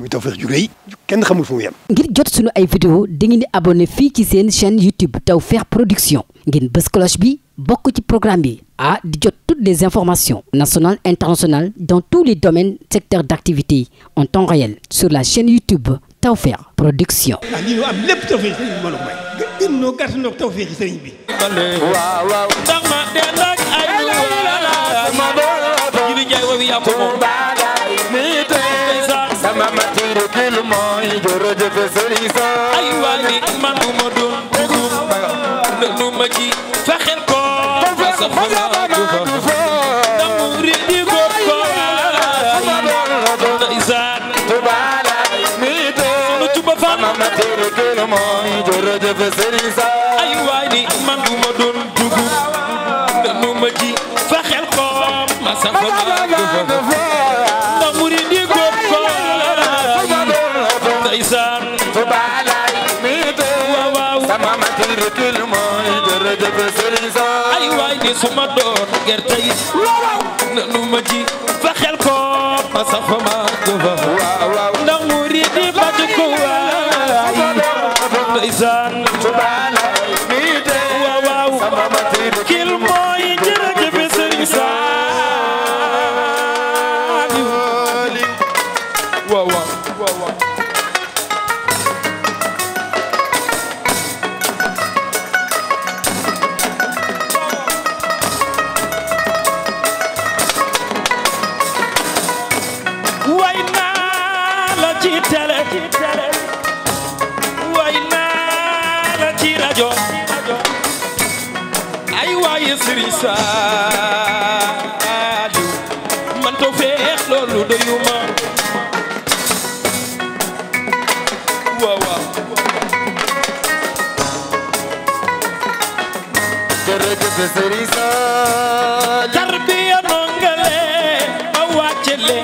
muy Tawfekh ju rëy kenn xamul fu mu ngir jot sunu ay vidéo dangeen di abonné fii ci seen chaîne YouTube Tawfekh Production ngeen bës bi bokk ci programme bi a di jot toutes les informations nationales internationales dans tous les domaines secteurs d'activité en temps réel sur la chaîne YouTube Tawfekh Production. ah lii am lépp Tawfekh sëriñ bi mbooloo mooy. gën gën ñoo gàtt ñoo Tawfekh sëriñ bi. waaw waaw. ndax ma delloo ak ay. ma delloo ak ay. mooy jërëjëf sëriñ sa ay waaji man ma doon dugub ma ci faxel ko sa xalaat du fa namuri di ko ko na isaan tubala mi te sunu fa ma tere kel mooy jërëjëf sëriñ sa ay waaji man ma doon dugub ma ci faxel ko fa li suma doon gerte yi na nu ma ji fa xel ko ma sax fa ma ko fa ndax mu rii di ba di ko waay ndeysaan ci télé way naa la ci rajo ay waaye Sëriñ Saaliw man to feex loolu doyuma waaw waaw jërëjëf Sëriñ Saaliw tarbiya nongale ma wàccele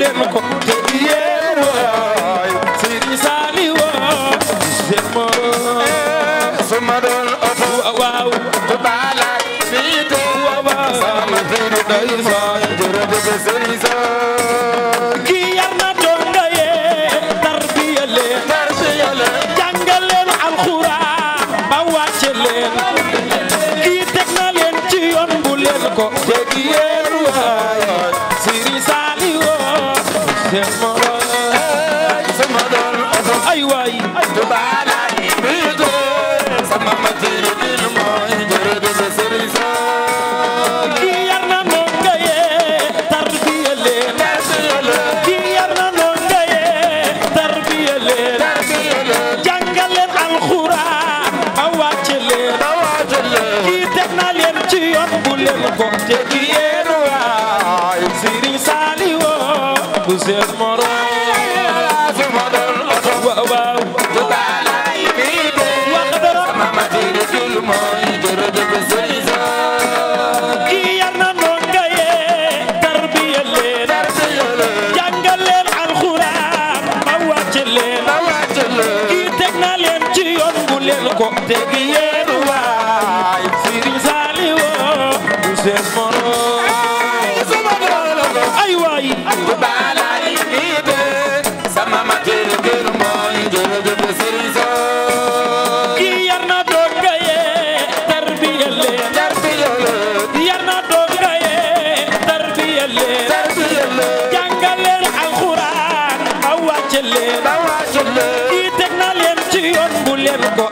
leen ko te yéen waay Serigne Saliou seen morom su ma doon oto waaw tu balak fii te waaw sama fiiru day saay jërëjëf Serigne Saliou ki yar na donga yee tarbiya leen tarbiya leen jàngal leen alxuraan ba wàcce leen ki teg na leen ci yoon bu leen ko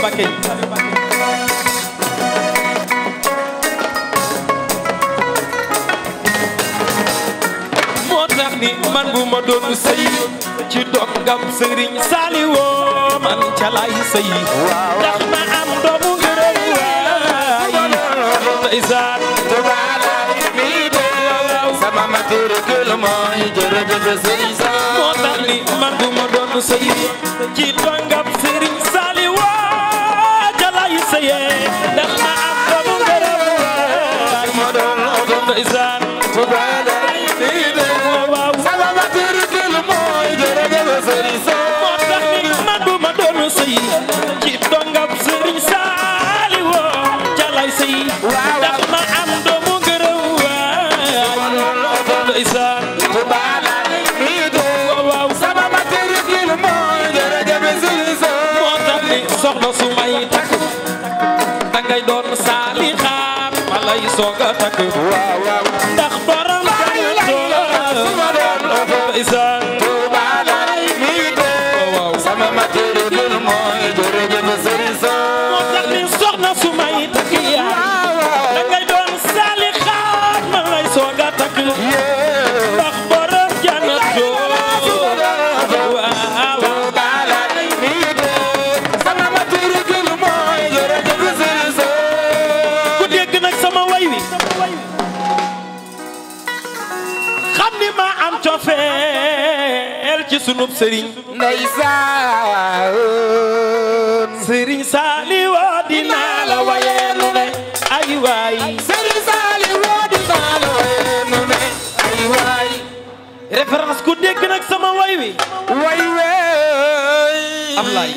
Mbacké moo tax ni man bu ma doon sëy ci dongam sëriñ Saaliwoo man ca laay sëy ma am doomu gërëy waay sama ma turu kul mooy jërëjëf sëriñ Saaliw moo tax ni man bu ma doon sëy ci dongam sëriñ Saaliw ndax ma am ko mu gërëm soga takk sunub sëriñ ndeysaan sëriñ saali woo dinaa la wayeenu ne ay waay sëriñ saali woo dinaa la wayeenu ne ay waay référence ku dégg nag sama way wi way wey Ablaay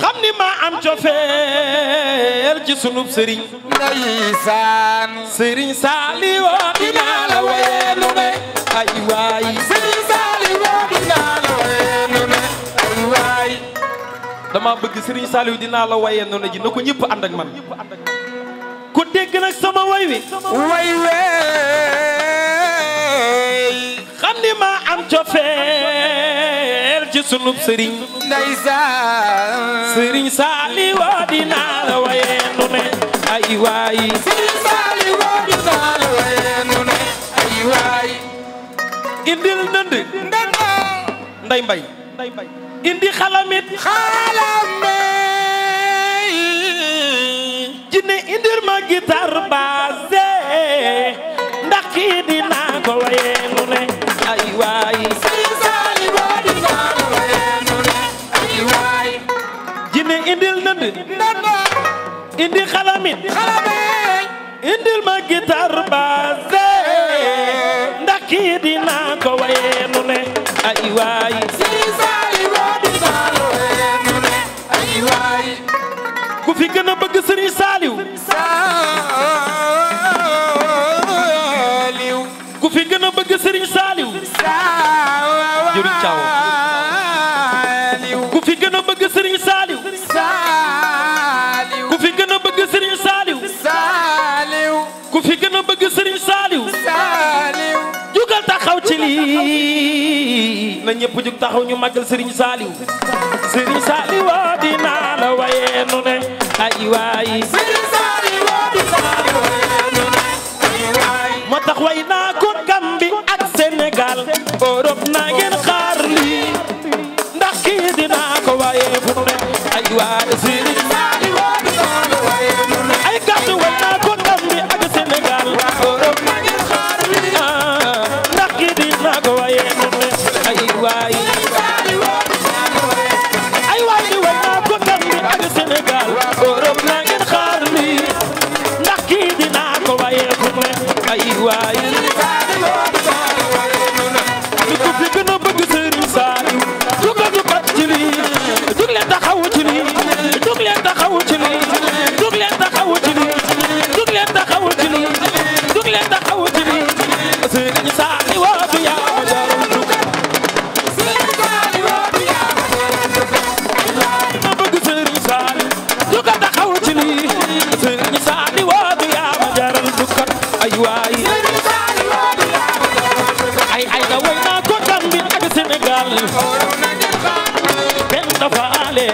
xam ni maa am cofeel ci sunub sëriñ ndeysaan sëriñ saali woo dinaa la wayeenu ne ay waay dama bëgg Serigne Saliou dinaa la wayee noonu ji na ko ñëpp ànd ak man ku dégg nag sama way wi way wey xam ni maa am cofeel ci sunub sëriñ ndeysaan Serigne Saliou dinaa la wayee nu ne ay waay Serigne Saliou dinaa la wayee nu ay waay indil ndënd ndënd nday mbay indi xalamit xalame jinne indir ma gitar baase ndax kii dinaa ko waye nu ne ay waay jinne indil nënd indi xalamit indil ma gitar baase ndax kii dinaa ko waye nu ne ay waay ku gën a bëgg Serigne Saliou ku fi gën a bëgg Serigne Saliou fi gën a bëgg Serigne Saliou ku fi gën a bëgg Serigne Saliou gën a bëgg Serigne Saliou jugal taxaw ci lii na ñëpp jug taxaw ñu màggal Serigne Saliou Serigne Saliou dinaa la waye nu ayiwaayi sëriñ saali woodu saali moo tax way naa ko Gambi ak Sénégal Europe naa ngeen waaye lu ko fi gën a bëgg Serigne Saliou jugal ñu bat ci lii jug leen taxawu ci lii jug leen taxawu ci lii jug leen taxawu ci lii jug leen taxawu ci lii jug leen taxawu ci lii Serigne Saliou waatu yaa ma jarum jug Serigne Saliou waatu yaa ma jarum jug bëgg Serigne Saliou jugal taxawu ci lii benn dafa ale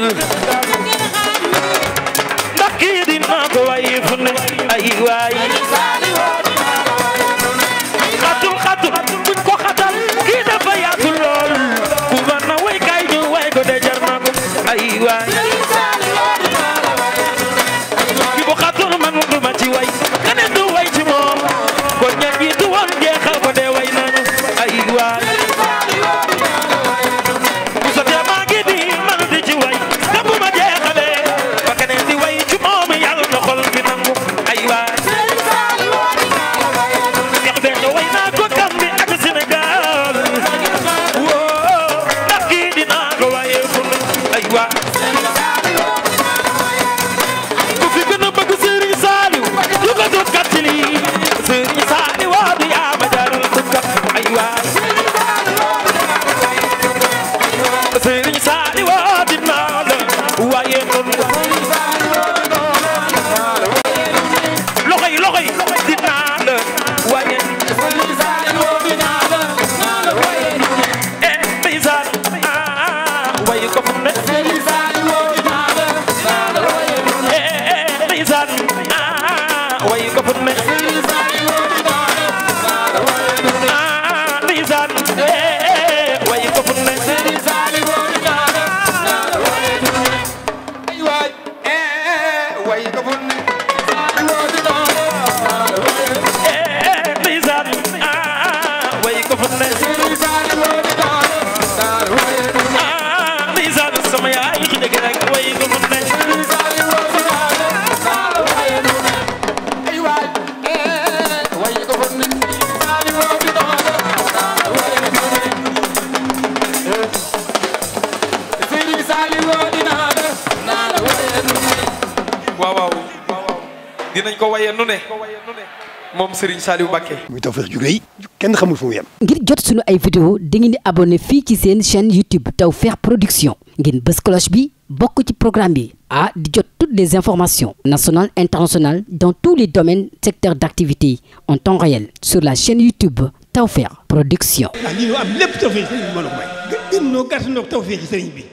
nag dinañ ko waye nu ne moom Serigne Saliou Mbacké. muy Tawfekh ju rëy kenn xamul fu mu ngir jot sunu ay vidéo dangeen di abonné fii ci seen chaîne YouTube Tawfekh Production ngeen bës cloche bi bokk ci programme bi a di jot toutes les informations nationales internationales dans tous les domaines secteurs d'activité en temps réel sur la chaîne YouTube Tawfekh Production. ah